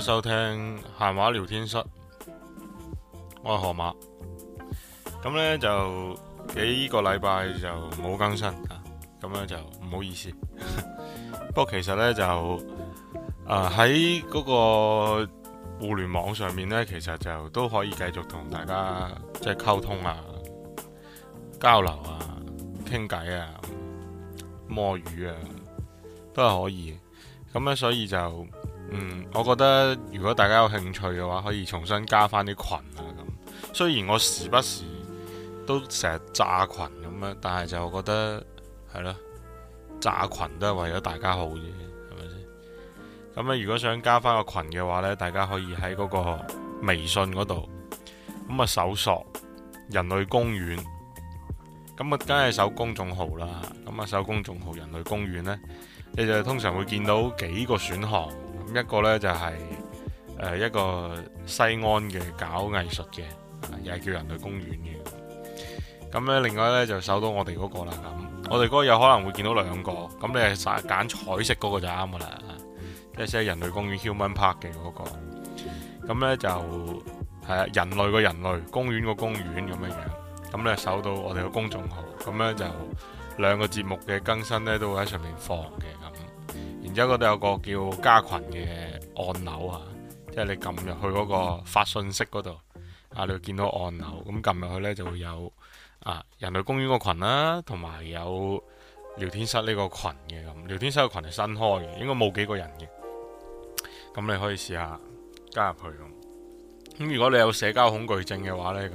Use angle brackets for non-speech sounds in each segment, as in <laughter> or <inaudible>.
收聽閒話聊天室，我係河馬，咁呢就幾個禮拜就冇更新啊，咁樣就唔好意思。 <laughs> 不過其實呢，就，誒喺嗰個互聯網上面呢，其實就都可以繼續同大家即係溝通啊、交流啊、傾偈啊、摸魚啊，都係可以。咁咧所以就。嗯，我覺得如果大家有興趣嘅話，可以重新加翻啲群啊。咁雖然我時不時都成日炸群咁啊，但係就覺得係咯炸群都係為咗大家好啫，係咪先？咁啊，如果想加翻個群嘅話咧，大家可以喺嗰個微信嗰度咁啊，搜索人類公園咁啊，梗係搜公眾號啦。咁啊，搜公眾號人類公園呢，你就通常會見到幾個選項。一個呢就係誒一個西安嘅搞藝術嘅，又係叫人類公園嘅。咁呢，另外呢就搜到我哋嗰個啦。咁我哋嗰個有可能會見到兩個。咁你係揀彩色嗰個就啱噶啦，即係人類公園 <noise> Human Park 嘅嗰個。咁呢就係啊人類個人類公園個公園咁樣樣。咁你搜到我哋個公眾號，咁呢就兩個節目嘅更新呢都會喺上面放嘅。然之後嗰度有個叫加群嘅按鈕啊，即係你撳入去嗰個發信息嗰度啊，你會見到按鈕，咁撳入去呢，就會有啊人類公園個群啦，同埋有，有聊天室呢個群嘅咁。聊天室個群係新開嘅，應該冇幾個人嘅。咁你可以試下加入去咁。咁如果你有社交恐懼症嘅話呢，咁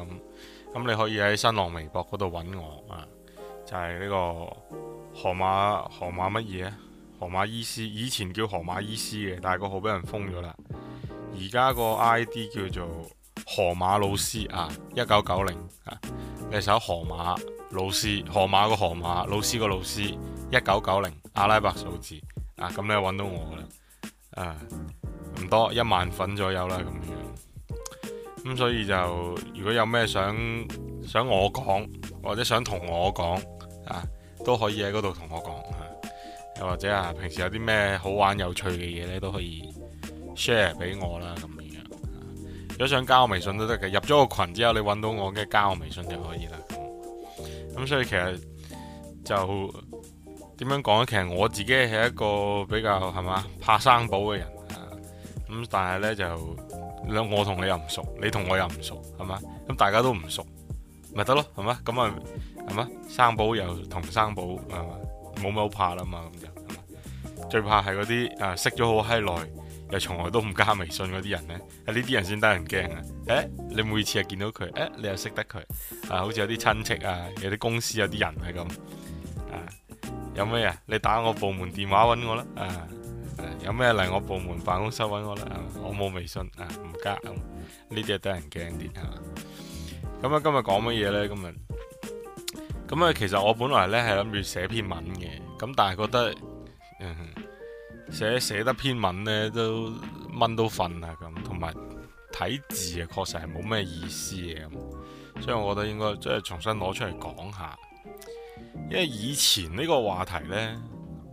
咁你可以喺新浪微博嗰度揾我啊，就係呢個河馬河馬乜嘢啊？河馬醫師以前叫河馬醫師嘅，但係個號俾人封咗啦。而家個 I D 叫做河馬老師啊，一九九零啊，你搜河馬老師，河馬個河馬老師個老師，一九九零阿拉伯數字啊，咁你揾到我啦啊，唔多一萬粉左右啦，咁樣咁，所以就如果有咩想想我講或者想同我講啊，都可以喺嗰度同我講。又或者啊，平時有啲咩好玩有趣嘅嘢咧，都可以 share 俾我啦，咁樣。如果想加我微信都得嘅，入咗個群之後，你搵到我嘅加我微信就可以啦。咁、嗯、所以其實就點樣講咧，其實我自己係一個比較係嘛怕生保嘅人咁、啊、但係呢，就我同你又唔熟，你同我又唔熟，係嘛？咁大家都唔熟，咪得咯，係嘛？咁啊係嘛？生保又同生保，係嘛？冇咩好怕啦嘛，咁就，最怕係嗰啲啊識咗好閪耐，又從來都唔加微信嗰啲人呢。呢啲人先得人驚啊！誒，你每次啊見到佢，誒，你又識得佢，啊好似有啲親戚啊，有啲公司有啲人係咁，有咩啊，你打我部門電話揾我啦，啊，啊有咩嚟我部門辦公室揾我啦，我冇微信啊唔加，呢啲啊得人驚啲係嘛，咁啊今日講乜嘢呢？今日？咁啊，其實我本來咧係諗住寫篇文嘅，咁但係覺得，嗯，寫，寫得篇文咧都掹到瞓啊咁，同埋睇字啊，確實係冇咩意思嘅，咁所以我覺得應該即係重新攞出嚟講下。因為以前呢個話題呢，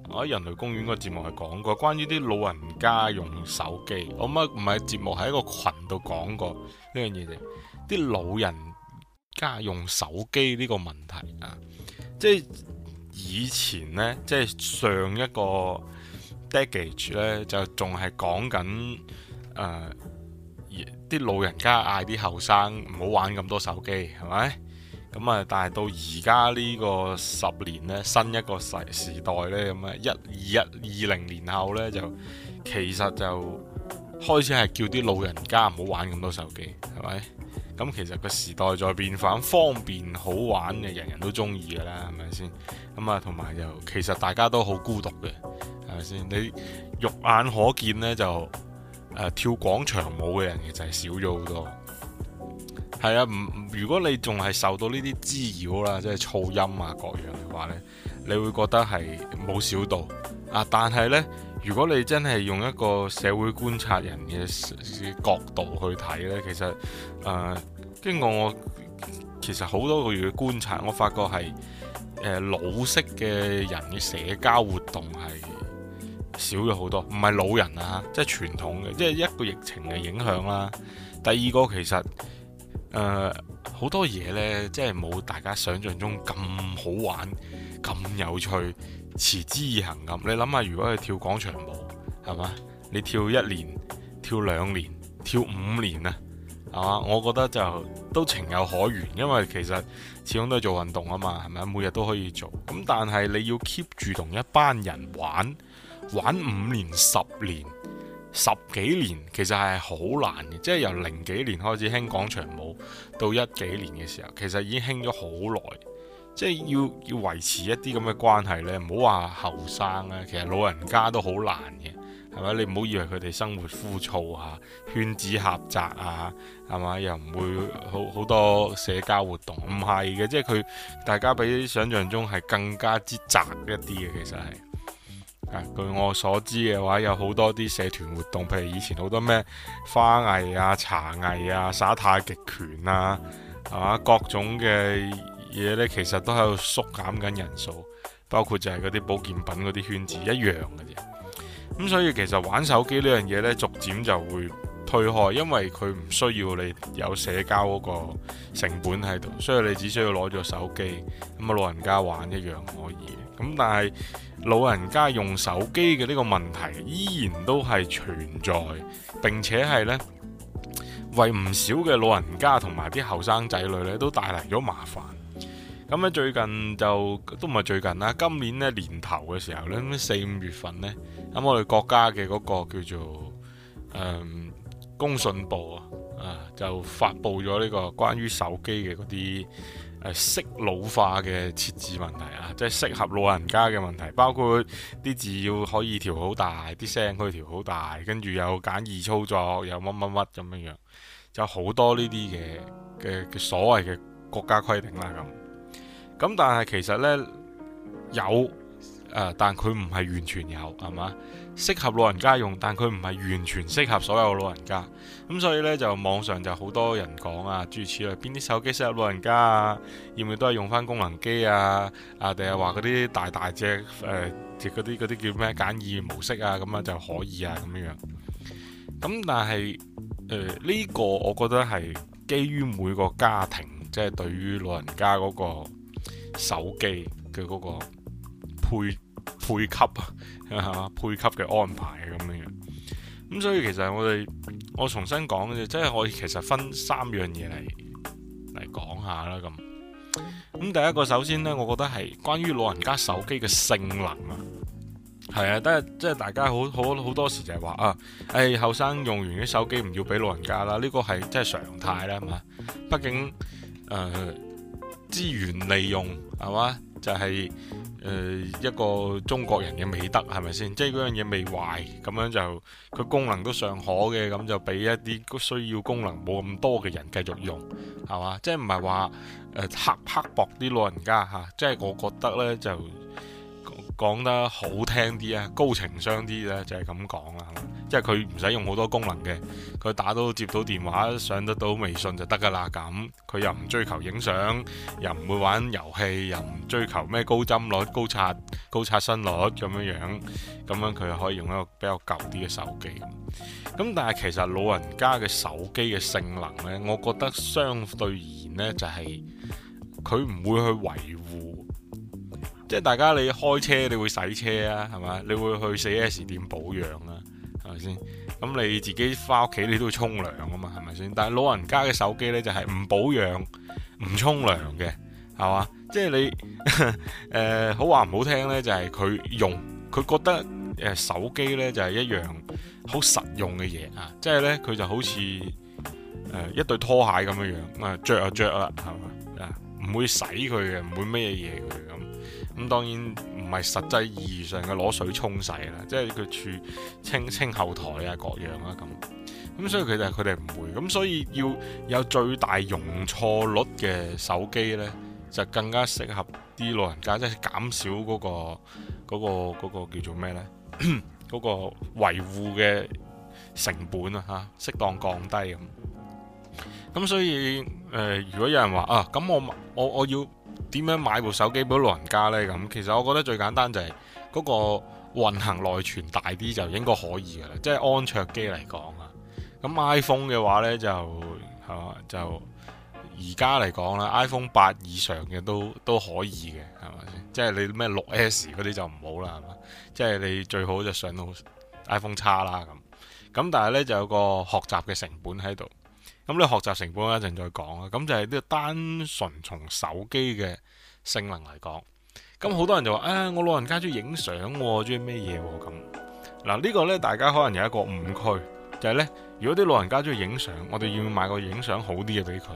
我喺《人類公園》個節目係講過，關於啲老人家用手機，我乜唔係節目，喺一個群度講過呢樣嘢嘅，啲老人家用手機呢個問題啊，即係以前呢，即係上一個階段咧，就仲係講緊誒啲老人家嗌啲後生唔好玩咁多手機係咪？咁啊、嗯，但係到而家呢個十年呢，新一個時代呢，咁啊，一二一二零年後呢，就其實就開始係叫啲老人家唔好玩咁多手機係咪？咁其實個時代在變翻，方便好玩嘅，人人都中意噶啦，係咪先？咁啊，同埋又其實大家都好孤獨嘅，係咪先？你肉眼可見呢，就誒、呃、跳廣場舞嘅人其實係少咗好多。係啊，唔如果你仲係受到呢啲滋擾啦，即係噪音啊各樣嘅話呢。你會覺得係冇少到啊！但係呢，如果你真係用一個社會觀察人嘅角度去睇呢，其實誒、呃，經過我其實好多個月嘅觀察，我發覺係誒、呃、老式嘅人嘅社交活動係少咗好多，唔係老人啊，即係傳統嘅，即係一個疫情嘅影響啦。第二個其實誒好、呃、多嘢，呢，即係冇大家想象中咁好玩。咁有趣，持之以恒。咁，你諗下，如果去跳廣場舞，係嘛？你跳一年、跳兩年、跳五年啊，係嘛？我覺得就都情有可原，因為其實始終都係做運動啊嘛，係咪？每日都可以做，咁但係你要 keep 住同一班人玩，玩五年、十年、十幾年，其實係好難嘅。即係由零幾年開始興廣場舞，到一幾年嘅時候，其實已經興咗好耐。即係要要維持一啲咁嘅關係咧，唔好話後生啊，其實老人家都好難嘅，係咪？你唔好以為佢哋生活枯燥啊，圈子狹窄啊，係嘛？又唔會好好多社交活動，唔係嘅，即係佢大家比想象中係更加之窄一啲嘅，其實係。啊，據我所知嘅話，有好多啲社團活動，譬如以前好多咩花藝啊、茶藝啊、耍太極拳啊，係嘛？各種嘅。嘢咧，其實都喺度縮減緊人數，包括就係嗰啲保健品嗰啲圈子一樣嘅啫。咁所以其實玩手機呢樣嘢呢，逐漸就會推開，因為佢唔需要你有社交嗰個成本喺度，所以你只需要攞咗手機，咁啊老人家玩一樣可以。咁但係老人家用手機嘅呢個問題依然都係存在，並且係呢，為唔少嘅老人家同埋啲後生仔女呢，都帶嚟咗麻煩。咁咧，最近就都唔係最近啦。今年咧年頭嘅時候咧，四五月份咧，咁我哋國家嘅嗰個叫做誒，工信部啊，啊就發佈咗呢個關於手機嘅嗰啲誒適老化嘅設置問題啊，即係適合老人家嘅問題，包括啲字要可以調好大，啲聲可以調好大，跟住又簡易操作，又乜乜乜咁樣樣，就好多呢啲嘅嘅所謂嘅國家規定啦，咁。咁但係其實呢，有誒、呃，但佢唔係完全有係嘛，適合老人家用，但佢唔係完全適合所有老人家。咁所以呢，就網上就好多人講啊，諸如此類，邊啲手機適合老人家啊？要唔要都係用翻功能機啊？啊，定係話嗰啲大大隻誒，即嗰啲啲叫咩簡易模式啊？咁樣就可以啊？咁樣樣咁，但係誒呢個我覺得係基於每個家庭，即係對於老人家嗰個。手機嘅嗰個配配給啊，配給嘅 <laughs> 安排咁樣，咁所以其實我哋我重新講嘅啫，即係我其實分三樣嘢嚟嚟講下啦咁。咁第一個首先呢，我覺得係關於老人家手機嘅性能啊，係啊，但係即係大家好好好多時就係話啊，誒後生用完啲手機唔要俾老人家啦，呢、這個係即係常態啦，嘛？畢竟誒。呃資源利用係嘛，就係、是、誒、呃、一個中國人嘅美德係咪先？即係嗰樣嘢未壞咁樣就佢功能都尚可嘅，咁就俾一啲需要功能冇咁多嘅人繼續用係嘛？即係唔係話誒刻刻薄啲老人家嚇？即、啊、係、就是、我覺得呢，就講得好聽啲啊，高情商啲咧就係咁講啦。即係佢唔使用好多功能嘅，佢打到接到電話，上得到微信就得噶啦。咁佢又唔追求影相，又唔會玩遊戲，又唔追求咩高幀率、高刷、高刷新率咁樣樣。咁樣佢可以用一個比較舊啲嘅手機。咁但係其實老人家嘅手機嘅性能呢，我覺得相對而言呢，就係佢唔會去維護。即係大家你開車你會洗車啊，係咪？你會去 4S 店保養啊？係咪先？咁你自己返屋企你都要沖涼啊嘛，係咪先？但係老人家嘅手機呢，就係、是、唔保養、唔沖涼嘅，係嘛？即係你誒、 <laughs> 呃、好話唔好聽呢，就係、是、佢用佢覺得誒手機呢，就係、是、一樣好實用嘅嘢啊！即係呢，佢就好似、呃、一對拖鞋咁樣樣啊，啊，著啊著啊，係嘛啊？唔會洗佢嘅，唔會咩嘢嘢咁。咁當然唔係實際意義上嘅攞水沖洗啦，即係佢處清清後台啊，各樣啊咁。咁所以佢哋佢哋唔會。咁所以要有最大容錯率嘅手機呢，就更加適合啲老人家，即係減少嗰、嗰個嗰、嗰個嗰個嗰個、叫做咩呢？嗰、 <coughs> 嗰個維護嘅成本啊嚇，適當降低咁。咁所以誒、呃，如果有人話啊，咁我我我要。點樣買部手機俾老人家呢？咁其實我覺得最簡單就係、是、嗰、那個運行內存大啲就應該可以噶啦，即係安卓機嚟講啊。咁 iPhone 嘅話呢，就係嘛，就而家嚟講啦，iPhone 八以上嘅都都可以嘅，係咪？即係你咩六 S 嗰啲就唔好啦，係嘛。即係你最好就上到 iPhone 叉啦咁。咁但係呢，就有個學習嘅成本喺度。咁你學習成本我一陣再講啦，咁就係呢個單純從手機嘅性能嚟講，咁好多人就話，誒、哎，我老人家中意影相，我中意咩嘢咁。嗱呢、這個呢，大家可能有一個誤區，就係、是、呢：如果啲老人家中意影相，我哋要唔要買個影相好啲嘅俾佢？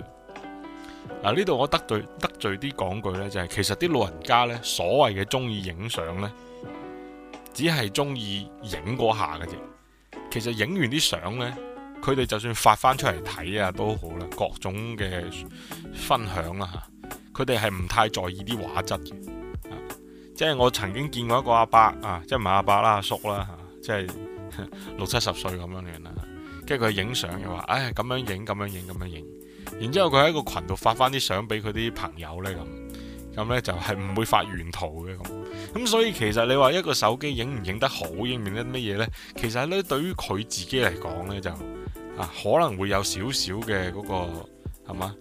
嗱呢度我得罪得罪啲講句呢，就係、是、其實啲老人家呢，所謂嘅中意影相呢，只係中意影嗰下嘅啫，其實影完啲相呢。佢哋就算發翻出嚟睇啊都好啦，各種嘅分享啦嚇，佢哋係唔太在意啲畫質嘅，啊，即係我曾經見過一個阿伯啊，即係唔係阿伯啦阿叔啦嚇，啊，即係六七十歲咁樣樣啦，跟住佢影相又話，唉咁樣影咁樣影咁樣影，然之後佢喺個群度發翻啲相俾佢啲朋友呢。咁，咁呢就係唔會發原圖嘅咁，咁所以其實你話一個手機影唔影得好，影唔影得乜嘢呢？其實呢，對於佢自己嚟講呢，就。啊、可能會有少少嘅嗰個係嘛？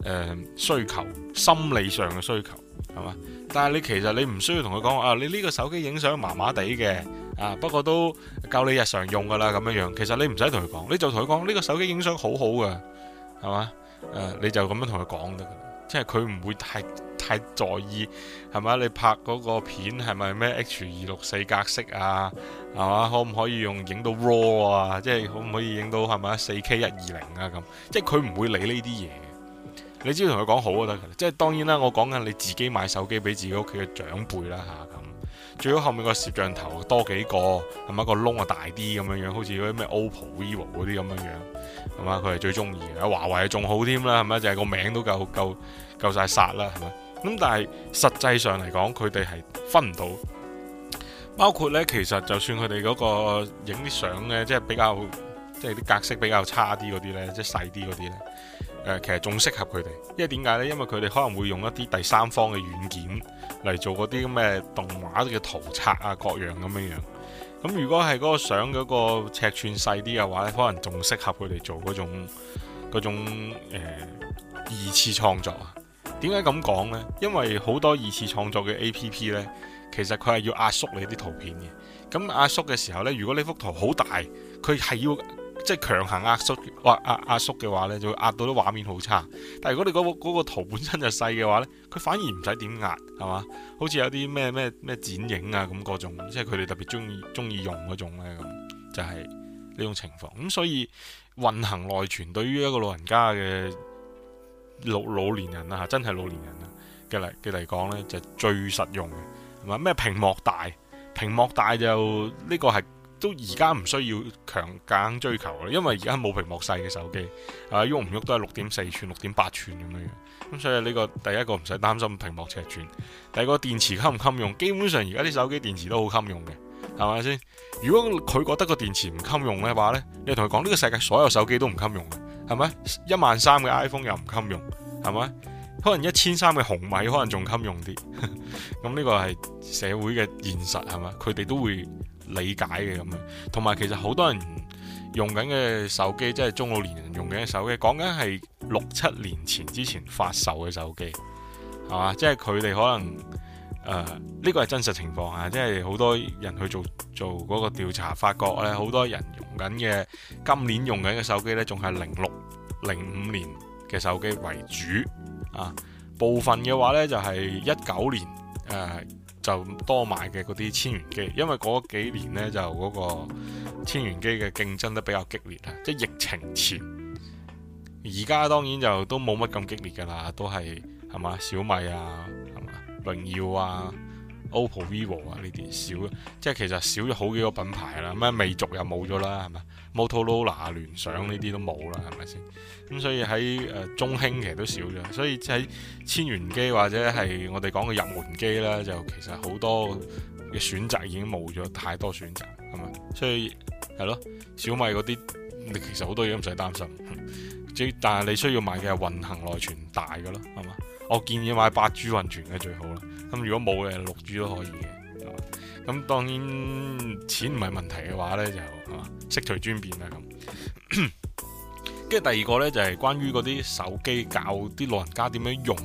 誒、呃、需求，心理上嘅需求係嘛？但係你其實你唔需要同佢講啊，你呢個手機影相麻麻地嘅啊，不過都夠你日常用㗎啦咁樣樣。其實你唔使同佢講，你就同佢講呢個手機影相好好㗎，係嘛？誒、啊，你就咁樣同佢講得。即係佢唔會太太在意，係咪？你拍嗰個片係咪咩 H 二六四格式啊？係嘛？可唔可以用影到 RAW 啊？即係可唔可以影到係咪四 K 一二零啊咁？即係佢唔會理呢啲嘢，你只要同佢講好就得㗎。即係當然啦，我講緊你自己買手機俾自己屋企嘅長輩啦吓咁。最好後面個攝像頭多幾個，係咪個窿啊大啲咁樣樣？好似嗰啲咩 OPPO vivo 嗰啲咁樣樣。係嘛，佢係最中意嘅。華為仲好添啦，係咪？就係、是、個名都夠夠夠晒殺啦，係咪？咁但係實際上嚟講，佢哋係分唔到。包括呢。其實就算佢哋嗰個影啲相呢，即係比較即係啲格式比較差啲嗰啲呢，即係細啲嗰啲呢，誒、呃，其實仲適合佢哋。因為點解呢？因為佢哋可能會用一啲第三方嘅軟件嚟做嗰啲咁嘅動畫嘅圖冊啊，各樣咁樣樣。咁如果係嗰個相嗰個尺寸細啲嘅話咧，可能仲適合佢哋做嗰種嗰種、呃、二次創作啊。點解咁講呢？因為好多二次創作嘅 APP 呢，其實佢係要壓縮你啲圖片嘅。咁壓縮嘅時候呢，如果呢幅圖好大，佢係要。即係強行壓縮或、啊、壓壓縮嘅話呢，就會壓到啲畫面好差。但係如果你、嗰、嗰、個嗰個圖本身就細嘅話呢，佢反而唔使點壓係嘛？好似有啲咩咩咩剪影啊咁嗰種，即係佢哋特別中意中意用嗰種呢咁，就係、係、呢種情況。咁所以運行內存對於一個老人家嘅老老年人啊，真係老年人啊嘅嚟嘅嚟講呢，就係、最實用。同埋咩屏幕大，屏幕大就呢、呢個係。都而家唔需要強硬追求咯，因為而家冇屏幕細嘅手機，啊喐唔喐都係六點四寸，六點八寸咁樣樣，咁所以呢個第一個唔使擔心屏幕尺寸，第二個電池襟唔襟用？基本上而家啲手機電池都好襟用嘅，係咪先？如果佢覺得個電池唔襟用嘅話呢，你同佢講呢個世界所有手機都唔襟用嘅，係咪？一萬三嘅 iPhone 又唔襟用，係咪？可能一千三嘅紅米可能仲襟用啲，咁 <laughs> 呢個係社會嘅現實，係咪？佢哋都會理解嘅咁樣，同埋其實好多人用緊嘅手機，即係中老年人用緊嘅手機，講緊係六七年前之前發售嘅手機，係嘛？即係佢哋可能誒呢、呃呢個係真實情況啊！即係好多人去做做嗰個調查，發覺咧好多人用緊嘅今年用緊嘅手機呢，仲係零六、零五年嘅手機為主啊。部分嘅話呢，就係一九年誒。呃就多買嘅嗰啲千元機，因為嗰幾年呢，就嗰個千元機嘅競爭都比較激烈啊！即係疫情前，而家當然就都冇乜咁激烈㗎喇，都係係嘛小米啊，係嘛榮耀啊。OPPO、VIVO 啊，呢啲少，即係其實少咗好幾個品牌啦。咩魅族又冇咗啦，係咪？Motorola 啊、聯想呢啲都冇啦，係咪先？咁所以喺誒、呃、中興其實都少咗，所以喺千元機或者係我哋講嘅入門機啦，就其實好多嘅選擇已經冇咗，太多選擇係咪？所以係咯，小米嗰啲你其實好多嘢唔使擔心，只、嗯、但係你需要買嘅係運行內存大嘅咯，係嘛？我建議買八 G 運存嘅最好啦，咁如果冇嘅六 G 都可以嘅，咁當然錢唔係問題嘅話呢，就，啊，悉隨尊便啦咁，跟住 <coughs> 第二個呢，就係、是、關於嗰啲手機教啲老人家點樣用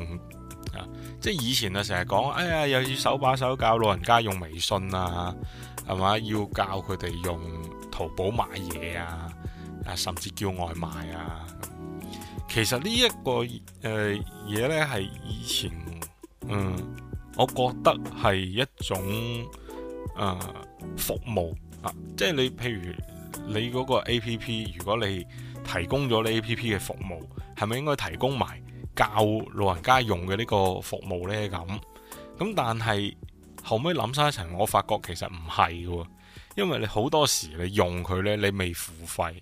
啊，即係以前啊成日講，哎呀又要手把手教老人家用微信啊，係嘛，要教佢哋用淘寶買嘢啊，啊甚至叫外賣啊。其實呢、這、一個誒嘢、呃、呢，係以前，嗯，我覺得係一種啊、呃、服務啊，即係你譬如你嗰個 A P P，如果你提供咗你 A P P 嘅服務，係咪應該提供埋教老人家用嘅呢個服務呢？咁咁，但係後尾諗返一層，我發覺其實唔係嘅，因為你好多時你用佢呢，你未付費。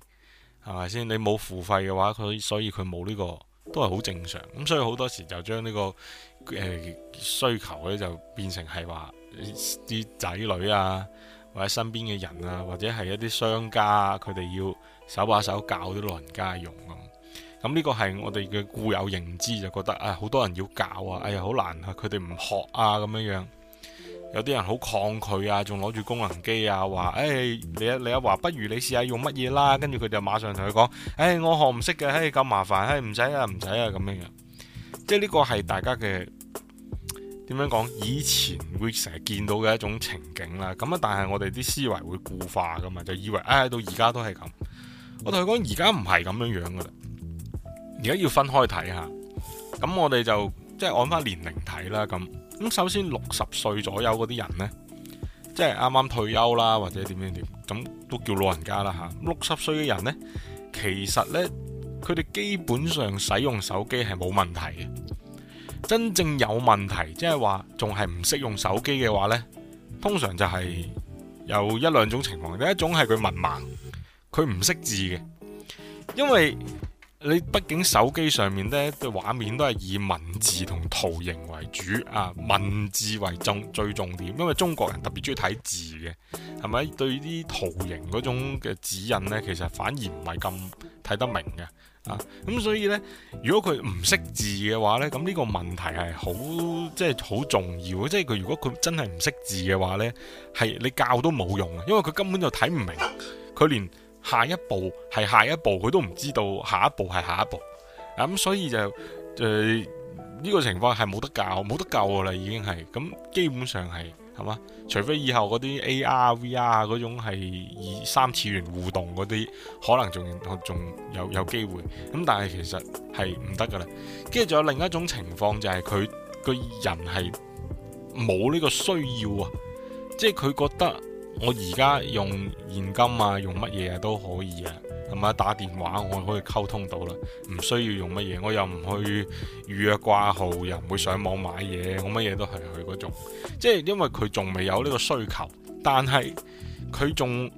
係咪先？你冇付費嘅話，佢所以佢冇呢個都係好正常。咁所以好多時就將呢、呢個誒、呃、需求呢，就變成係話啲仔女啊，或者身邊嘅人啊，或者係一啲商家啊，佢哋要手把手教啲老人家用咁。咁呢個係我哋嘅固有認知，就覺得啊，好、哎、多人要教啊，哎呀，好難啊，佢哋唔學啊咁樣樣。有啲人好抗拒啊，仲攞住功能機啊，話誒、哎、你啊你啊話不如你試下用乜嘢啦，跟住佢就馬上同佢講，誒、哎、我學唔識嘅，誒、哎、咁麻煩，誒唔使啊唔使啊咁樣嘅，即係呢個係大家嘅點樣講，以前會成日見到嘅一種情景啦。咁啊，但係我哋啲思維會固化噶嘛，就以為誒、哎、到而家都係咁。我同佢講而家唔係咁樣樣噶啦，而家要分開睇下。咁我哋就即係按翻年齡睇啦，咁。咁首先六十歲左右嗰啲人呢，即係啱啱退休啦，或者點點點，咁都叫老人家啦吓。六十歲嘅人呢，其實呢，佢哋基本上使用手機係冇問題嘅。真正有問題，即係話仲係唔識用手機嘅話呢，通常就係有一兩種情況。第一種係佢文盲，佢唔識字嘅，因為。你畢竟手機上面咧，對畫面都係以文字同圖形為主啊，文字為重，最重點，因為中國人特別中意睇字嘅，係咪？對啲圖形嗰種嘅指引呢，其實反而唔係咁睇得明嘅啊。咁所以呢，如果佢唔識字嘅話呢，咁呢個問題係好，即係好重要，即係佢如果佢真係唔識字嘅話呢，係你教都冇用，因為佢根本就睇唔明，佢連。下一步係下一步，佢都唔知道下一步係下一步。咁、嗯、所以就誒呢、呃呢個情況係冇得教，冇得救啦，已經係咁。基本上係係嘛，除非以後嗰啲 A R V R 嗰種係二三次元互動嗰啲，可能仲仲有有機會。咁、嗯、但係其實係唔得噶啦。跟住仲有另一種情況就係佢個人係冇呢個需要啊，即係佢覺得。我而家用現金啊，用乜嘢啊都可以啊，係咪啊？打電話我可以溝通到啦，唔需要用乜嘢，我又唔去預約掛號，又唔會上網買嘢，我乜嘢都係佢嗰種，即係因為佢仲未有呢個需求，但係佢仲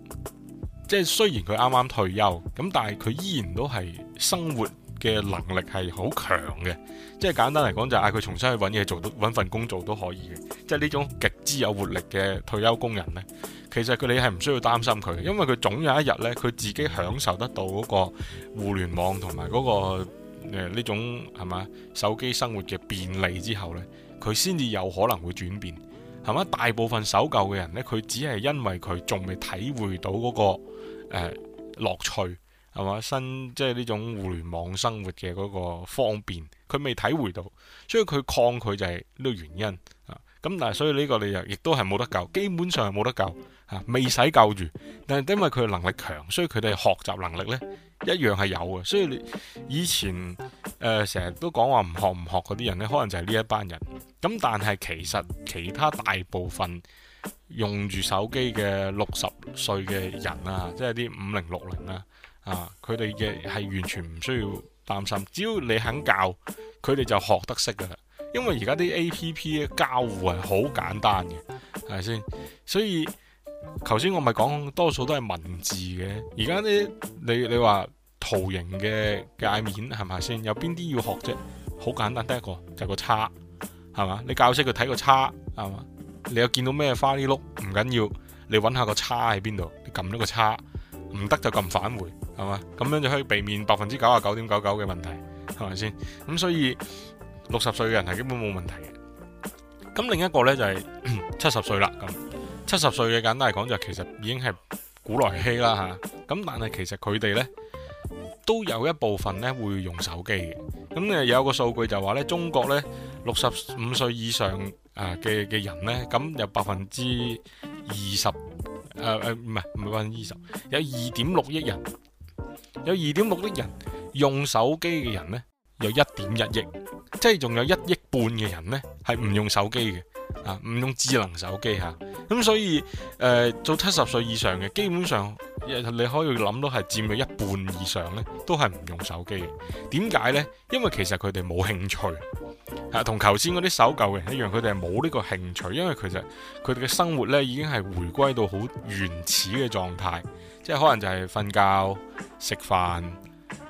即係雖然佢啱啱退休，咁但係佢依然都係生活嘅能力係好強嘅，即係簡單嚟講就嗌、是、佢、啊、重新去揾嘢做都揾份工做都可以嘅，即係呢種極之有活力嘅退休工人呢，其實佢哋係唔需要擔心佢，因為佢總有一日呢，佢自己享受得到嗰個互聯網同埋嗰個呢、呃、種係嘛手機生活嘅便利之後呢，佢先至有可能會轉變係嘛？大部分守舊嘅人呢，佢只係因為佢仲未體會到嗰、嗰個誒樂、呃、趣。係嘛？新即係呢種互聯網生活嘅嗰個方便，佢未體會到，所以佢抗拒就係呢個原因咁、啊、但係所以呢個你又亦都係冇得救，基本上係冇得救嚇，未、啊、使救住。但係因為佢能力強，所以佢哋學習能力呢一樣係有嘅。所以你以前誒成日都講話唔學唔學嗰啲人呢，可能就係呢一班人。咁但係其實其他大部分用住手機嘅六十歲嘅人啊，即係啲五零六零啊。啊！佢哋嘅係完全唔需要擔心，只要你肯教，佢哋就學得識噶啦。因為而家啲 APP 嘅交互係好簡單嘅，係咪先？所以頭先我咪講多數都係文字嘅。而家啲你你話圖形嘅界面係咪先？有邊啲要學啫？好簡單，得一個就係個叉，係嘛？你教識佢睇個叉，係嘛？你又見到咩花呢碌？唔緊要，你揾下個叉喺邊度？你撳咗個叉。唔得就咁返回，係嘛？咁樣就可以避免百分之九十九點九九嘅問題，係咪先？咁所以六十歲嘅人係基本冇問題嘅。咁另一個呢，就係七十歲啦，咁七十歲嘅簡單嚟講就係、其實已經係古來稀啦嚇。咁、啊、但係其實佢哋呢，都有一部分咧會用手機嘅。咁誒有個數據就話呢，中國呢，六十五歲以上嘅嘅、呃、人呢，咁有百分之二十。誒誒，唔、呃呃、係唔係百分之二十，有二點六億人，有二點六億人用手機嘅人咧，有一點一億，即係仲有一億半嘅人咧，係唔用手機嘅。啊，唔用智能手機嚇，咁、啊、所以誒、呃，做七十歲以上嘅，基本上，你可以諗到係佔咗一半以上呢都係唔用手機嘅。點解呢？因為其實佢哋冇興趣，嚇、啊，同頭先嗰啲守舊嘅人一樣，佢哋係冇呢個興趣，因為其實佢哋嘅生活呢已經係回歸到好原始嘅狀態，即係可能就係瞓覺、食飯、誒、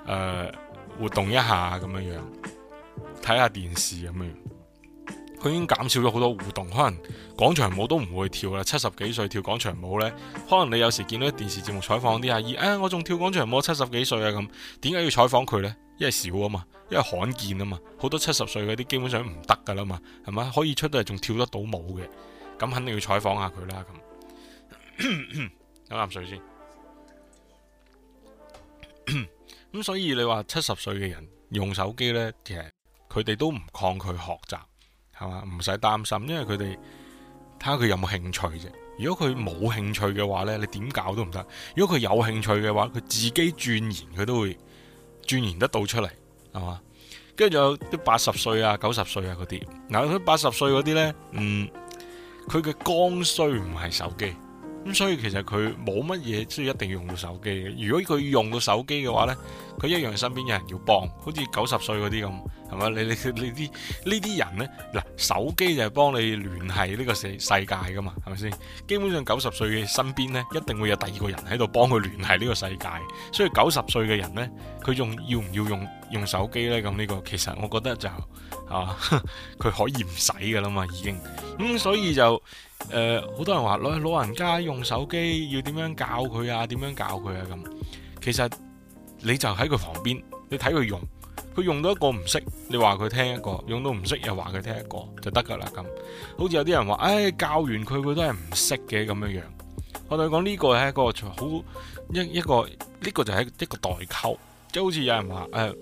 呃、活動一下咁樣樣，睇下電視咁樣。佢已經減少咗好多互動，可能廣場舞都唔會跳啦。七十幾歲跳廣場舞呢？可能你有時見到電視節目採訪啲阿姨，哎，我仲跳廣場舞，七十幾歲啊，咁點解要採訪佢呢？因為少啊嘛，因為罕見啊嘛。好多七十歲嗰啲基本上唔得噶啦嘛，係咪？可以出到嚟仲跳得到舞嘅，咁肯定要採訪下佢啦。咁飲啖水先咁、嗯，所以你話七十歲嘅人用手機呢？其實佢哋都唔抗拒學習。係嘛？唔使擔心，因為佢哋睇下佢有冇興趣啫。如果佢冇興趣嘅話呢，你點搞都唔得。如果佢有興趣嘅話，佢自己鑽研佢都會鑽研得到出嚟，係嘛？跟住仲有啲八十歲啊、九十歲啊嗰啲。嗱，佢八十歲嗰啲呢，嗯，佢嘅剛需唔係手機。咁所以其實佢冇乜嘢需要一定要用到手機嘅。如果佢用到手機嘅話呢，佢一樣身邊有人要幫。好似九十歲嗰啲咁，係咪？你你你啲呢啲人呢，嗱，手機就係幫你聯繫呢個世,世界噶嘛，係咪先？基本上九十歲嘅身邊呢，一定會有第二個人喺度幫佢聯繫呢個世界。所以九十歲嘅人呢，佢仲要唔要用用手機呢？咁呢、呢個其實我覺得就係佢、啊、可以唔使噶啦嘛，已經。咁、嗯、所以就。誒，好、呃、多人話老老人家用手機要點樣教佢啊？點樣教佢啊？咁其實你就喺佢旁邊，你睇佢用，佢用到一個唔識，你話佢聽一個；用到唔識又話佢聽一個，就得噶啦咁。好似有啲人話，誒、哎，教完佢佢都係唔識嘅咁樣樣。我同你講呢個係一個好一一個呢個，個，個，個就係一個代溝，即係好似有人話誒、呃，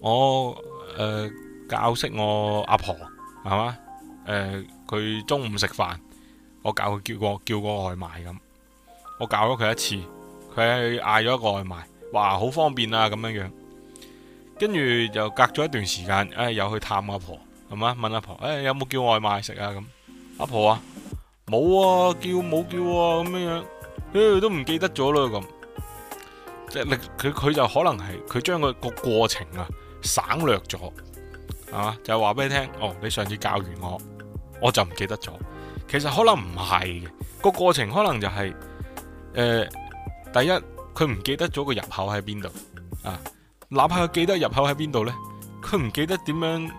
我誒、呃、教識我阿婆係嘛，誒。佢中午食飯，我教佢叫個叫個外賣咁，我教咗佢一次，佢嗌咗一個外賣，哇，好方便啊，咁樣樣。跟住又隔咗一段時間，唉、哎，又去探阿婆，係嘛？問阿婆，唉、哎，有冇叫外賣食啊？咁阿婆啊，冇啊，叫冇叫啊，咁樣樣，哎、都唔記得咗咯咁。即係佢佢就可能係佢將個個過程啊省略咗，係嘛？就話俾你聽，哦，你上次教完我。我就唔記得咗，其實可能唔係嘅，個過程可能就係，誒，第一佢唔記得咗個入口喺邊度，啊，哪怕佢記得入口喺邊度呢，佢唔記得點樣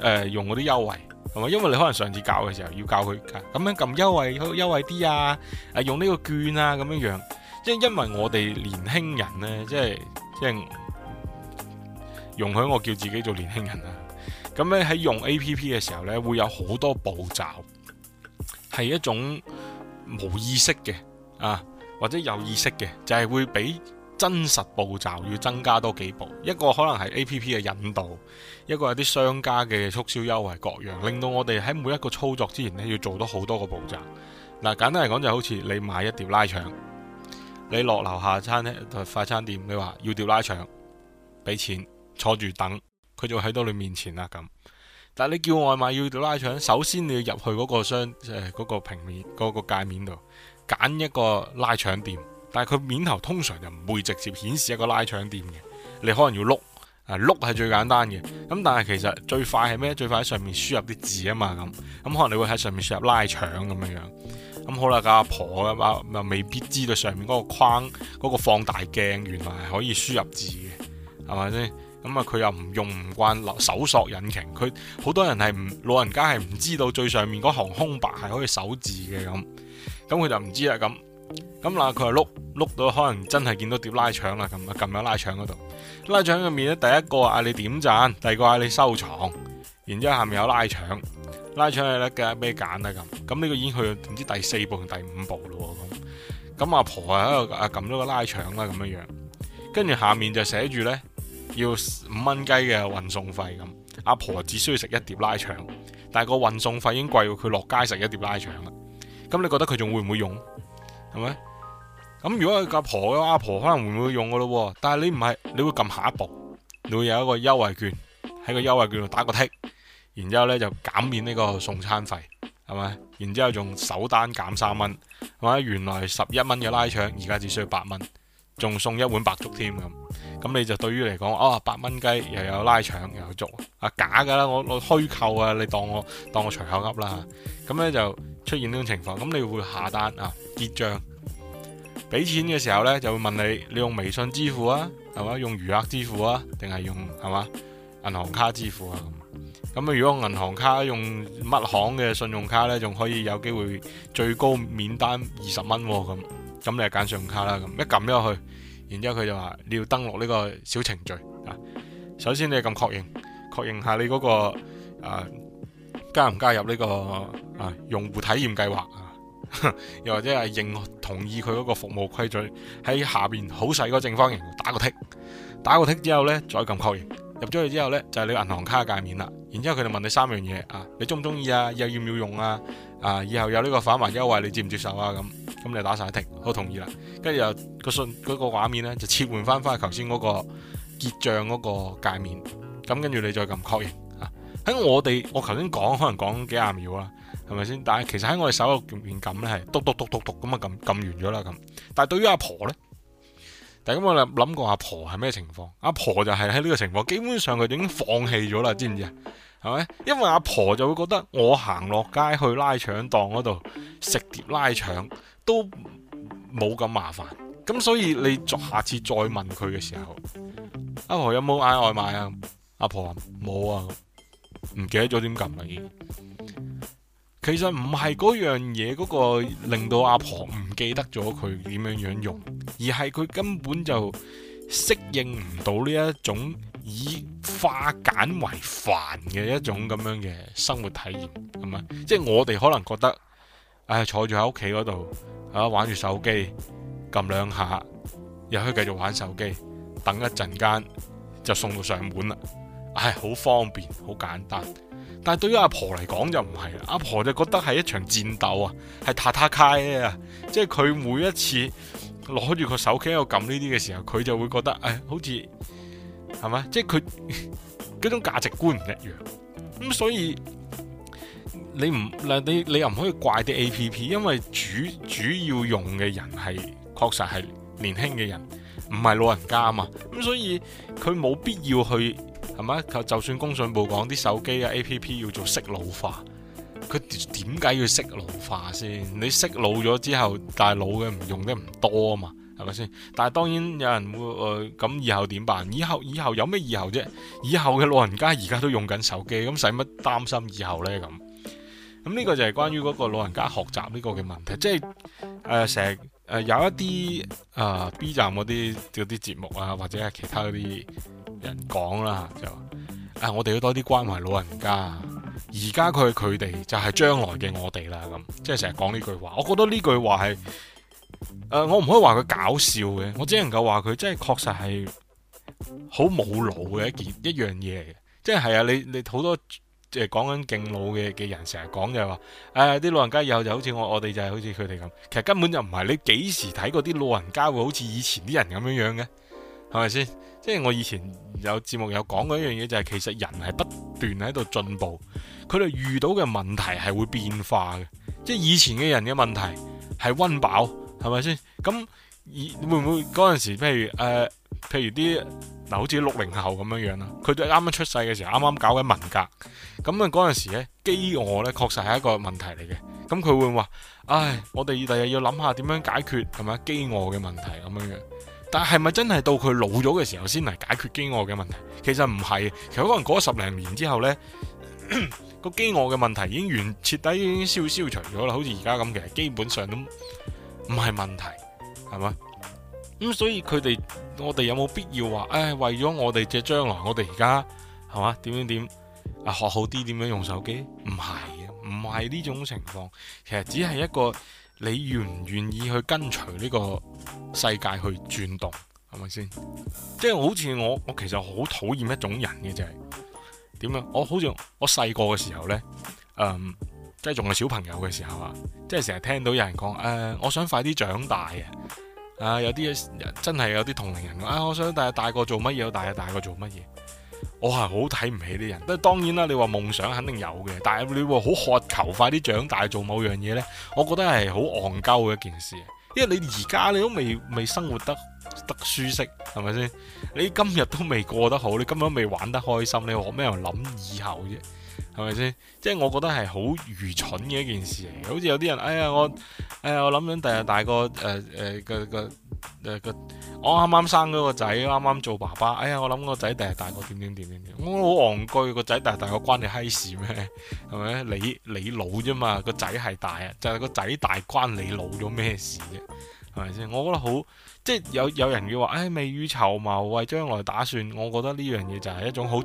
誒用嗰啲優惠，係咪？因為你可能上次教嘅時候要教佢咁樣撳優惠，優惠啲啊，誒用呢個券啊，咁樣樣，因因為我哋年輕人呢，即係即係容許我叫自己做年輕人啊。咁咧喺用 A P P 嘅時候呢，會有好多步驟，係一種冇意識嘅啊，或者有意識嘅，就係、是、會比真實步驟要增加多幾步。一個可能係 A P P 嘅引導，一個係啲商家嘅促銷優惠各樣，令到我哋喺每一個操作之前呢，要做到好多個步驟。嗱、啊，簡單嚟講，就好似你買一碟拉腸，你落樓下餐廳快、啊、餐店，你話要碟拉腸，俾錢坐住等。佢就喺到你面前啦咁，但係你叫外賣要拉腸，首先你要入去嗰個箱誒，呃嗰個平面嗰個界面度揀一個拉腸店，但係佢面頭通常就唔會直接顯示一個拉腸店嘅，你可能要碌啊碌係最簡單嘅，咁但係其實最快係咩？最快喺上面輸入啲字啊嘛咁，咁可能你會喺上面輸入拉腸咁樣樣，咁好啦，個阿婆啊嘛未必知道上面嗰個框嗰個放大鏡原來係可以輸入字嘅，係咪先？咁啊，佢又唔用唔慣搜索引擎，佢好多人係唔老人家係唔知道最上面嗰行空白係可以搜字嘅咁，咁佢就唔知啊咁，咁嗱佢又碌碌到可能真係見到碟拉腸啦咁啊，撳咗拉腸嗰度，拉腸入面咧，第一個嗌你點讚，第二個嗌你收藏，然之後下面有拉腸，拉腸又得嘅，咩揀啊咁，咁呢個已經去唔知第四部同第五部咯咁，咁阿婆又喺度啊撳咗個拉腸啦咁樣樣，跟住下面就寫住呢。要五蚊雞嘅運送費咁，阿婆，婆只需要食一碟拉腸，但係個運送費已經貴到佢落街食一碟拉腸啦。咁你覺得佢仲會唔會用，係咪？咁如果個阿婆個阿婆，婆可能會唔會用噶咯？但係你唔係，你會撳下一步，你會有一個優惠券，喺個優惠券度打個剔，然之後呢就減免呢個送餐費，係咪？然之後仲首單減三蚊，係咪？原來十一蚊嘅拉腸而家只需要八蚊。仲送一碗白粥添咁，咁你就對於嚟講，啊八蚊雞又有拉腸又有粥啊假噶啦，我我虛構啊，你當我當我隨口噏啦嚇。咁呢就出現呢種情況，咁你會下單啊結帳，俾錢嘅時候呢，就會問你，你用微信支付啊，係嘛用餘額支付啊，定係用係嘛銀行卡支付啊。咁咁如果用銀行卡用乜行嘅信用卡呢？仲可以有機會最高免單二十蚊喎咁。咁你係揀信用卡啦，咁一撳咗去，然之後佢就話你要登錄呢個小程序啊。首先你撳確認，確認下你嗰、嗰個啊加唔加入呢、呢個啊、呃、用戶體驗計劃啊，又或者係認同意佢嗰個服務規序，喺下邊好細個正方形打個剔。打個剔之後呢，再撳確認。入咗去之後呢，就係、是、你銀行卡界面啦，然之後佢就問你三樣嘢啊，你中唔中意啊？又要唔要用啊？啊，以後有呢個返還優惠，你接唔接受啊？咁咁你打晒一停，我同意啦。跟住又個信嗰、那個畫面呢，就切換翻翻去頭先嗰個結賬嗰個界面。咁跟住你再撳確認啊。喺我哋我頭先講可能講幾廿秒啦，係咪先？但係其實喺我哋手入面咁呢，係篤篤篤篤篤咁啊撳撳完咗啦咁。但係對於阿婆呢。但係咁我諗諗過阿婆係咩情況？阿婆就係喺呢個情況，基本上佢已經放棄咗啦，知唔知啊？係咪？因為阿婆就會覺得我行落街去拉腸檔嗰度食碟拉腸都冇咁麻煩，咁所以你下次再問佢嘅時候，阿婆有冇嗌外賣啊？阿婆話冇啊，唔記得咗點撳啦已經。其實唔係嗰樣嘢嗰個令到阿婆唔記得咗佢點樣樣用，而係佢根本就適應唔到呢一種以化簡為繁嘅一種咁樣嘅生活體驗，咁啊，即係我哋可能覺得，唉，坐住喺屋企嗰度，啊，玩住手機，撳兩下，又可以繼續玩手機，等一陣間就送到上門啦，唉，好方便，好簡單。但係對於阿婆嚟講就唔係啦，阿婆就覺得係一場戰鬥啊，係塔塔卡啊，即係佢每一次攞住個手機喺度撳呢啲嘅時候，佢就會覺得誒、哎、好似係咪？即係佢嗰種價值觀唔一樣。咁、嗯、所以你唔嗱你你又唔可以怪啲 A P P，因為主主要用嘅人係確實係年輕嘅人，唔係老人家啊嘛。咁、嗯、所以佢冇必要去。係嘛？就算工信部講啲手機嘅 A P P 要做適老化，佢點解要適老化先？你適老咗之後，但係老嘅唔用得唔多啊嘛？係咪先？但係當然有人會誒咁、呃、以後點辦？以後以後有咩以後啫？以後嘅老人家而家都用緊手機，咁使乜擔心以後呢？」咁？咁呢個就係關於嗰個老人家學習呢個嘅問題，即係誒成日有一啲啊、呃、B 站嗰啲嗰啲節目啊，或者係其他嗰啲。人講啦，就誒、啊，我哋要多啲關懷老人家。而家佢佢哋就係將來嘅我哋啦，咁即係成日講呢句話。我覺得呢句話係誒、呃，我唔可以話佢搞笑嘅，我只能夠話佢真係確實係好冇腦嘅一件一樣嘢嚟嘅。即係係、就是、啊，你你好多誒講緊敬老嘅嘅人，成日講就係話誒啲老人家以後就好似我我哋就係好似佢哋咁，其實根本就唔係。你幾時睇過啲老人家會好似以前啲人咁樣樣嘅？係咪先？即係我以前有節目有講過一樣嘢，就係其實人係不斷喺度進步，佢哋遇到嘅問題係會變化嘅。即係以前嘅人嘅問題係溫飽，係咪先？咁會唔會嗰陣時譬、呃，譬如誒，譬如啲嗱，好似六零後咁樣樣啦，佢哋啱啱出世嘅時候，啱啱搞緊文革，咁啊嗰陣時咧，飢餓咧確實係一個問題嚟嘅。咁佢會話，唉，我哋第日要諗下點樣解決係咪飢餓嘅問題咁樣樣。但係咪真係到佢老咗嘅時候先嚟解決飢餓嘅問題？其實唔係，其實可能過咗十零年之後呢，個飢餓嘅問題已經完徹底已經消消除咗啦。好似而家咁，其實基本上都唔係問題，係嘛？咁、嗯、所以佢哋我哋有冇必要話，誒，為咗我哋嘅將來，我哋而家係嘛？點點點啊，學好啲點樣用手機？唔係，唔係呢種情況，其實只係一個。你願唔願意去跟隨呢個世界去轉動，係咪先？即係好似我，我其實好討厭一種人嘅就係，點樣？我好似我細個嘅時候呢，誒、嗯，即係仲係小朋友嘅時候啊，即係成日聽到有人講誒、啊，我想快啲長大啊！有啲真係有啲同齡人啊，我想大大個做乜嘢，啊，我大，大啊大個做乜嘢。我係好睇唔起啲人，即當然啦。你話夢想肯定有嘅，但係你會好渴求快啲長大做某樣嘢呢。我覺得係好戇鳩嘅一件事。因為你而家你都未未生活得得舒適，係咪先？你今日都未過得好，你今日都未玩得開心，你學咩又諗以後啫？係咪先？即係我覺得係好愚蠢嘅一件事嚟，好似有啲人，哎呀我，哎呀我諗緊第日大個，誒、呃、誒、呃、個個誒個，個，我啱啱生咗個仔，啱啱做爸爸，哎呀我諗個仔第日大個點點點點點，我好戇居，個仔第日大個關你閪事咩？係咪？你你老啫嘛，個仔係大啊，就係、是、個仔大關你老咗咩事啫？係咪先？我覺得好。即係有有人要話，唉、哎，未雨綢繆，為將來打算。我覺得呢樣嘢就係一種好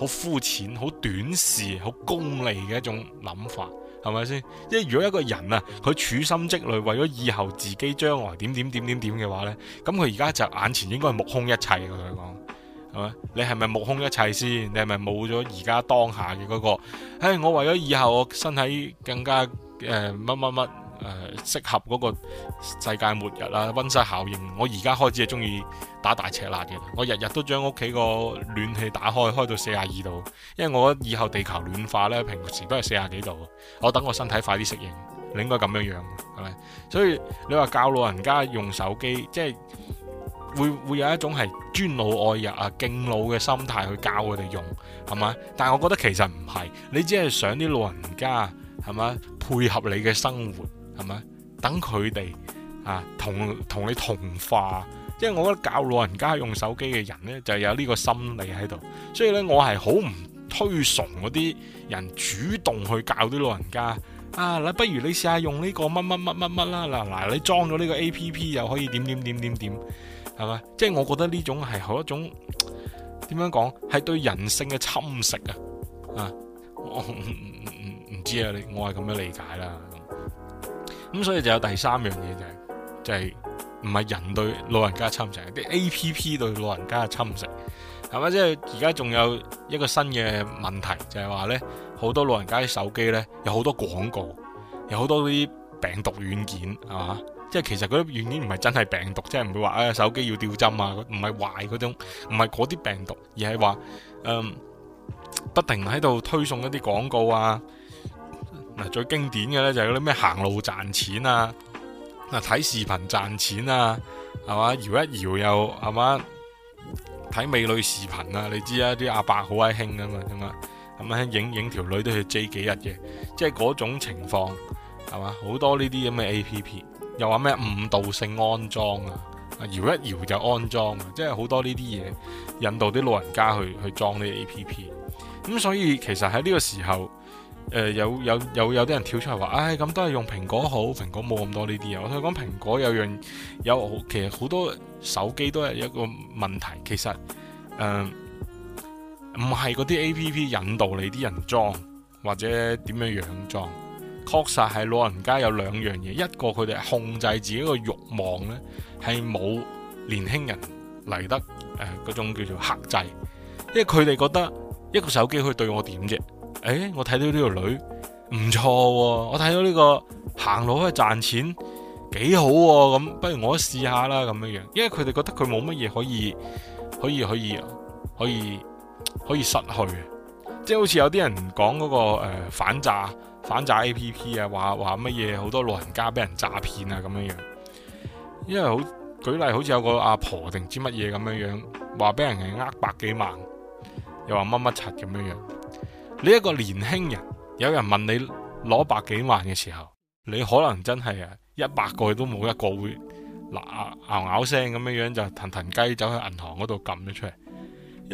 好膚淺、好短視、好功利嘅一種諗法，係咪先？即係如果一個人啊，佢處心積慮，為咗以後自己將來點點點點點嘅話呢，咁佢而家就眼前應該係目空一切。我同你講，係咪？你係咪目空一切先？你係咪冇咗而家當下嘅嗰、那個？唉、哎，我為咗以後我身體更加乜乜乜。呃誒、適、呃、合嗰個世界末日啦、啊，溫室效應。我而家開始係中意打大赤辣嘅，我日日都將屋企個暖氣打開，開到四十二度，因為我以後地球暖化呢，平時都係四廿幾度。我等我身體快啲適應，你應該咁樣樣係咪？所以你話教老人家用手機，即係會會有一種係尊老愛幼、啊、啊敬老嘅心態去教佢哋用係咪？但係我覺得其實唔係，你只係想啲老人家係咪？配合你嘅生活。係嘛？等佢哋啊，同同你同化，即係我覺得教老人家用手機嘅人呢，就有呢個心理喺度。所以呢，我係好唔推崇嗰啲人主動去教啲老人家啊。嗱、啊，不如你試下用呢個乜乜乜乜乜啦。嗱、啊、嗱、啊，你裝咗呢個 APP 又可以點點點點點，係嘛？即係我覺得呢種係好一種點樣講，係對人性嘅侵蝕啊！啊，我唔唔、嗯嗯、知啊，你我係咁樣理解啦。咁所以就有第三樣嘢就係、是，就係唔係人對老人家侵蝕，啲 A P P 對老人家嘅侵蝕，係咪？即係而家仲有一個新嘅問題，就係、是、話呢，好多老人家啲手機呢，有好多廣告，有好多啲病毒軟件，係嘛？即、就、係、是、其實嗰啲軟件唔係真係病毒，即係唔會話啊手機要吊針啊，唔係壞嗰種，唔係嗰啲病毒，而係話、嗯、不停喺度推送一啲廣告啊。最經典嘅呢，就係嗰啲咩行路賺錢啊，嗱睇視頻賺錢啊，係嘛，搖一搖，又係嘛，睇美女視頻啊，你知啊啲阿伯好閪興嘅嘛，咁啊咁啊影影條女都去 J 幾日嘅，即係嗰種情況係嘛，好多呢啲咁嘅 A P P，又話咩誤導性安裝啊，搖一搖就安裝啊，即係好多呢啲嘢引導啲老人家去去裝啲 A P P，咁所以其實喺呢個時候。誒、呃，有有有啲人跳出嚟話，唉、哎，咁都係用蘋果好，蘋果冇咁多呢啲嘢。我同你講，蘋果有樣有，其實好多手機都係一個問題。其實誒，唔係嗰啲 APP 引導你啲人裝或者點樣樣裝，確實係老人家有兩樣嘢，一個佢哋控制自己個欲望呢係冇年輕人嚟得誒嗰、呃、種叫做克制，因為佢哋覺得一個手機可以對我點啫。誒，我睇到呢條女唔錯喎，我睇到呢個行路可以賺錢，幾好咁，不如我試下啦咁樣樣，因為佢哋覺得佢冇乜嘢可以可以可以可以可以失去，即係好似有啲人講嗰個誒反詐反詐 A P P 啊，話話乜嘢好多老人家俾人詐騙啊咁樣樣，因為好舉例好似有個阿婆定知乜嘢咁樣樣，話俾人係呃百幾萬，又話乜乜柒咁樣樣。你一個年輕人，有人問你攞百幾萬嘅時候，你可能真係啊一百個都冇一個會嗱啊咬聲咁樣樣就騰騰雞走去銀行嗰度撳咗出嚟。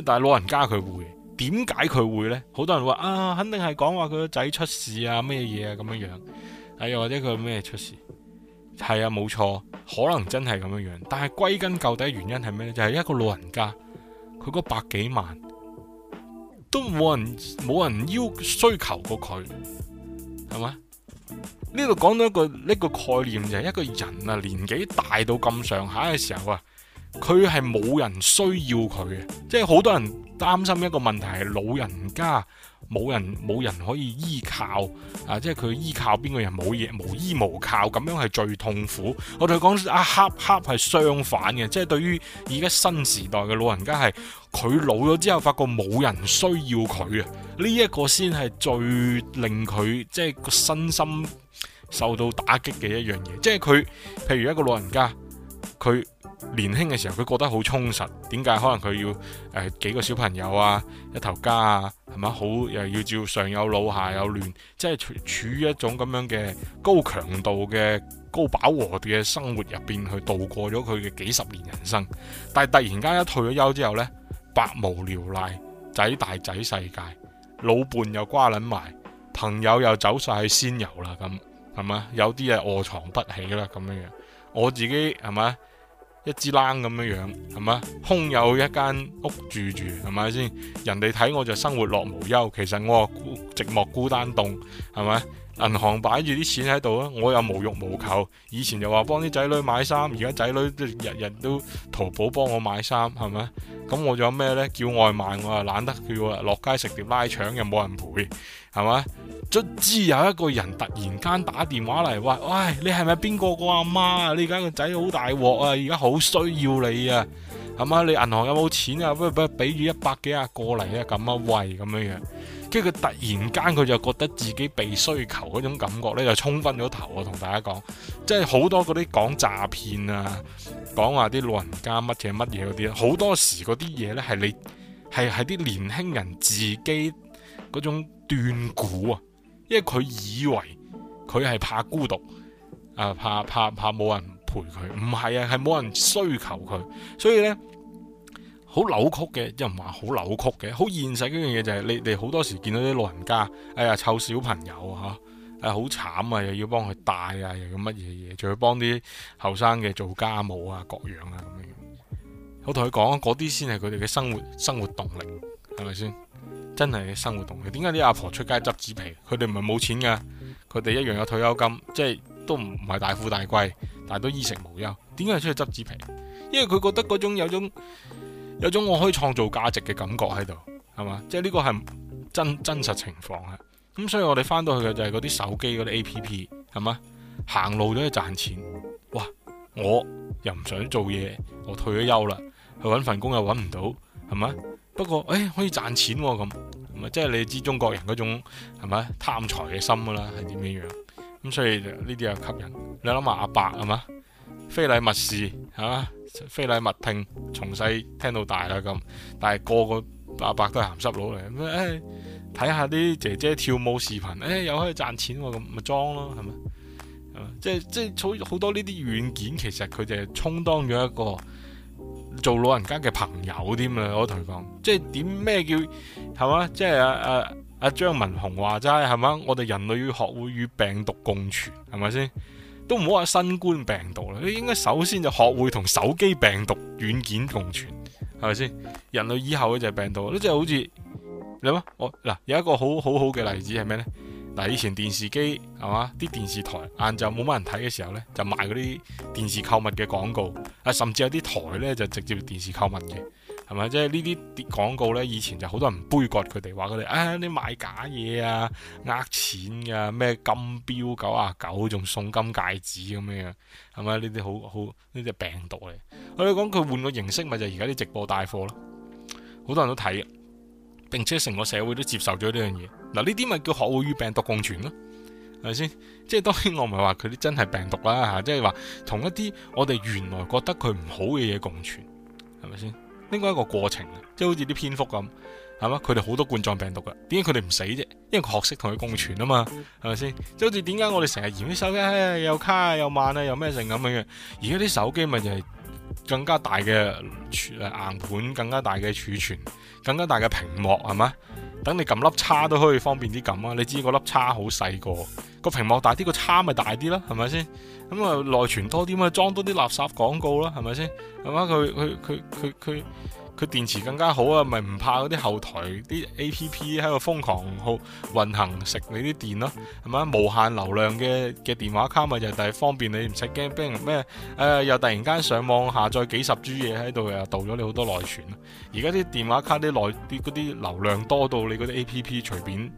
但係老人家佢會，點解佢會呢？好多人話啊，肯定係講話佢個仔出事啊，咩嘢啊咁樣樣，哎，或者佢咩出事？係啊，冇錯，可能真係咁樣樣。但係歸根究底原因係咩呢？就係一個老人家，佢嗰百幾萬。都冇人冇人要需求過佢，係嘛？呢度講到一個呢個概念就係一個人啊年紀大到咁上下嘅時候啊，佢係冇人需要佢嘅，即係好多人擔心一個問題係老人家。冇人冇人可以依靠啊！即係佢依靠邊個人冇嘢，無依無靠，咁樣係最痛苦。我同佢講啊，恰恰係相反嘅，即係對於而家新時代嘅老人家係佢老咗之後，發覺冇人需要佢啊。呢一個先係最令佢即係個身心受到打擊嘅一樣嘢。即係佢，譬如一個老人家，佢。年輕嘅時候佢覺得好充實，點解可能佢要誒、呃、幾個小朋友啊，一頭家啊，係咪？好，又要照上有老下有嫩，即係處處於一種咁樣嘅高強度嘅高飽和嘅生活入邊去度過咗佢嘅幾十年人生，但係突然間一退咗休之後呢，百無聊賴，仔大仔世界，老伴又瓜捻埋，朋友又走晒去仙遊啦，咁係咪？有啲係臥床不起啦咁樣樣，我自己係咪？一支冷咁樣樣，係嘛？空有一間屋住住，係咪先？人哋睇我就生活樂無憂，其實我寂寞孤單凍，係嘛？銀行擺住啲錢喺度啊！我又無欲無求，以前就話幫啲仔女買衫，而家仔女都日日都淘寶幫我買衫，係咪啊？咁我仲有咩呢？叫外賣我又懶得叫啊！落街食碟拉腸又冇人陪，係咪？卒之有一個人突然間打電話嚟話：喂，你係咪邊個個阿媽啊？你而家個仔好大鑊啊！而家好需要你啊！係嘛？你銀行有冇錢啊？不如俾住一百幾啊過嚟啊！咁啊喂，咁樣樣。即係佢突然間，佢就覺得自己被需求嗰種感覺呢，就沖昏咗頭。我同大家講，即係好多嗰啲講詐騙啊，講話啲老人家乜嘢乜嘢嗰啲，好多時嗰啲嘢呢，係你係係啲年輕人自己嗰種斷估啊，因為佢以為佢係怕孤獨啊，怕怕怕冇人陪佢，唔係啊，係冇人需求佢，所以呢。好扭曲嘅，又唔話好扭曲嘅，好現實嘅一樣嘢就係、是、你。你好多時見到啲老人家，哎呀湊小朋友啊，嚇、哎，好慘啊，又要幫佢帶啊，又要乜嘢嘢，仲要幫啲後生嘅做家務啊，各樣啊咁樣。我同佢講，嗰啲先係佢哋嘅生活生活動力，係咪先？真係嘅生活動力。點解啲阿婆出街執紙皮？佢哋唔係冇錢噶，佢哋一樣有退休金，即係都唔唔係大富大貴，但係都衣食無憂。點解要出去執紙皮？因為佢覺得嗰種有種。有種我可以創造價值嘅感覺喺度，係嘛？即係呢個係真真實情況啊！咁所以我哋翻到去嘅就係嗰啲手機嗰啲 APP 係嘛？行路都要賺錢，哇！我又唔想做嘢，我退咗休啦，去搵份工又搵唔到，係嘛？不過誒、欸、可以賺錢咁、啊，咁即係你知中國人嗰種係嘛貪財嘅心噶啦，係點樣樣？咁所以呢啲又吸引。你諗下阿伯係嘛？非禮勿視，係嘛？非禮勿聽，從細聽到大啦咁，但係個個阿伯都係鹹濕佬嚟。咁誒，睇下啲姐姐跳舞視頻，誒、哎、又可以賺錢、啊，咁咪裝咯，係咪？即係即係好好多呢啲軟件，其實佢哋係充當咗一個做老人家嘅朋友添啦，我同佢講，即係點咩叫係嘛？即係阿阿阿張文雄話齋係嘛？我哋人類要學會與病毒共存，係咪先？都唔好話新冠病毒啦，你應該首先就學會同手機病毒軟件共存，係咪先？人類以後嘅就係病毒，呢隻好似你諗，我嗱、啊、有一個好好好嘅例子係咩呢？嗱、啊，以前電視機，係嘛？啲電視台晏晝冇乜人睇嘅時候呢，就賣嗰啲電視購物嘅廣告，啊甚至有啲台呢，就直接電視購物嘅。係咪？即係呢啲廣告呢，以前就好多人杯葛佢哋，話佢哋啊，你賣假嘢啊，呃錢啊，咩金標九啊九，仲送金戒指咁樣樣，係咪？呢啲好好呢啲病毒嚟。我哋講佢換個形式，咪就而家啲直播帶貨咯，好多人都睇，並且成個社會都接受咗呢樣嘢。嗱，呢啲咪叫學會與病毒共存咯，係咪先？即係當然我唔係話佢啲真係病毒啦吓、啊，即係話同一啲我哋原來覺得佢唔好嘅嘢共存，係咪先？應該一個過程，即係好似啲蝙蝠咁，係嘛？佢哋好多冠狀病毒噶，點解佢哋唔死啫？因為佢學識同佢共存啊嘛，係咪先？即好似點解我哋成日嫌啲手機、哎、又卡又慢啊，又咩剩咁樣嘅？而家啲手機咪就係更加大嘅硬盤，更加大嘅儲存，更加大嘅屏幕，係嘛？等你撳粒叉都可以方便啲撳啊！你知個粒叉好細個，個屏幕大啲，個叉咪大啲咯，係咪先？咁啊，咪內存多啲，咪裝多啲垃圾廣告咯，係咪先？咁啊，佢佢佢佢佢。佢電池更加好啊，咪唔怕嗰啲後台啲 A P P 喺度瘋狂好運行食你啲電咯，係咪？無限流量嘅嘅電話卡咪就係方便你，唔使驚俾咩？誒、呃、又突然間上網下載幾十 G 嘢喺度又盜咗你好多內存。而家啲電話卡啲內啲啲流量多到你嗰啲 A P P 隨便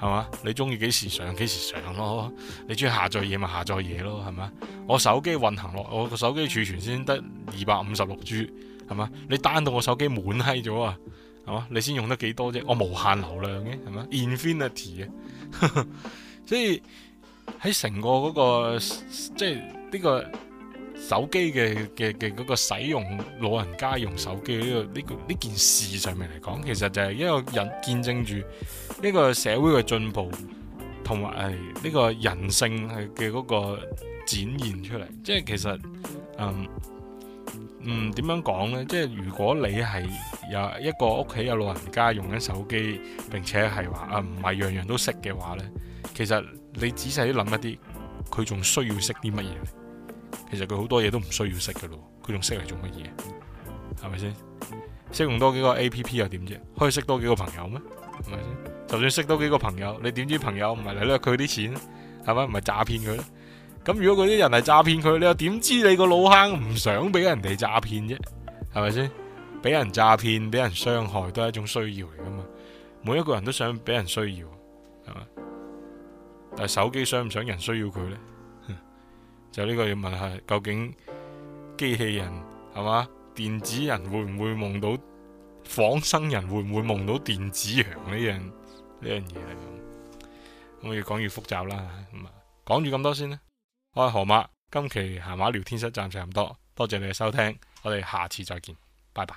係嘛？你中意幾時上幾時上咯？你中意下載嘢咪下載嘢咯？係咪？我手機運行落我個手機儲存先得二百五十六 G。係嘛？你單到我手機滿閪咗啊！係嘛？你先用得幾多啫？我無限流量嘅，係嘛？Infinity 啊！Infinity <laughs> 所以喺成個嗰個即係呢個手機嘅嘅嘅個使用，老人家用手機呢個呢個呢件事上面嚟講，其實就係一個人見證住呢個社會嘅進步，同埋呢個人性嘅嗰個展現出嚟。即係其實，嗯。嗯，點樣講呢？即係如果你係有一個屋企有老人家用緊手機，並且係話啊唔係樣樣都識嘅話呢，其實你仔細啲諗一啲，佢仲需要識啲乜嘢呢？其實佢好多嘢都唔需要識噶咯，佢仲識嚟做乜嘢？係咪先？識用多幾個 APP 又點啫？可以識多幾個朋友咩？係咪先？就算識多幾個朋友，你點知朋友唔係嚟掠佢啲錢，係咪？唔係詐騙佢？咁如果嗰啲人係詐騙佢，你又點知你個老坑唔想俾人哋詐騙啫？係咪先？俾人詐騙、俾人,人傷害都係一種需要嚟噶嘛。每一個人都想俾人需要，係咪？但係手機想唔想人需要佢呢？就呢個要問下究竟機器人係嘛？電子人會唔會夢到仿生人？會唔會夢到電子羊呢樣呢樣嘢嚟？咁我越講越複雜啦。咁啊，講住咁多先啦。我係河馬，今期河馬聊天室暫時咁多，多謝你嘅收聽，我哋下次再見，拜拜。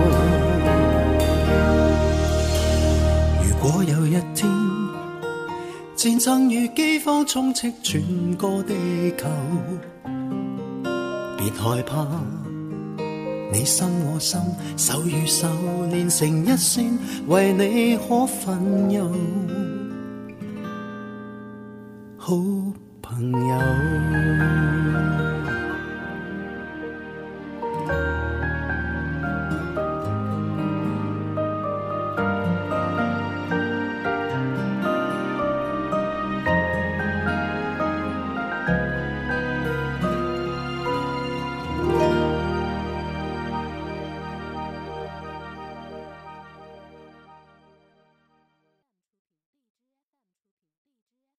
曾遇饑荒充斥全個地球，別害怕，你心我心，手與手連成一線，為你可分憂，好朋友。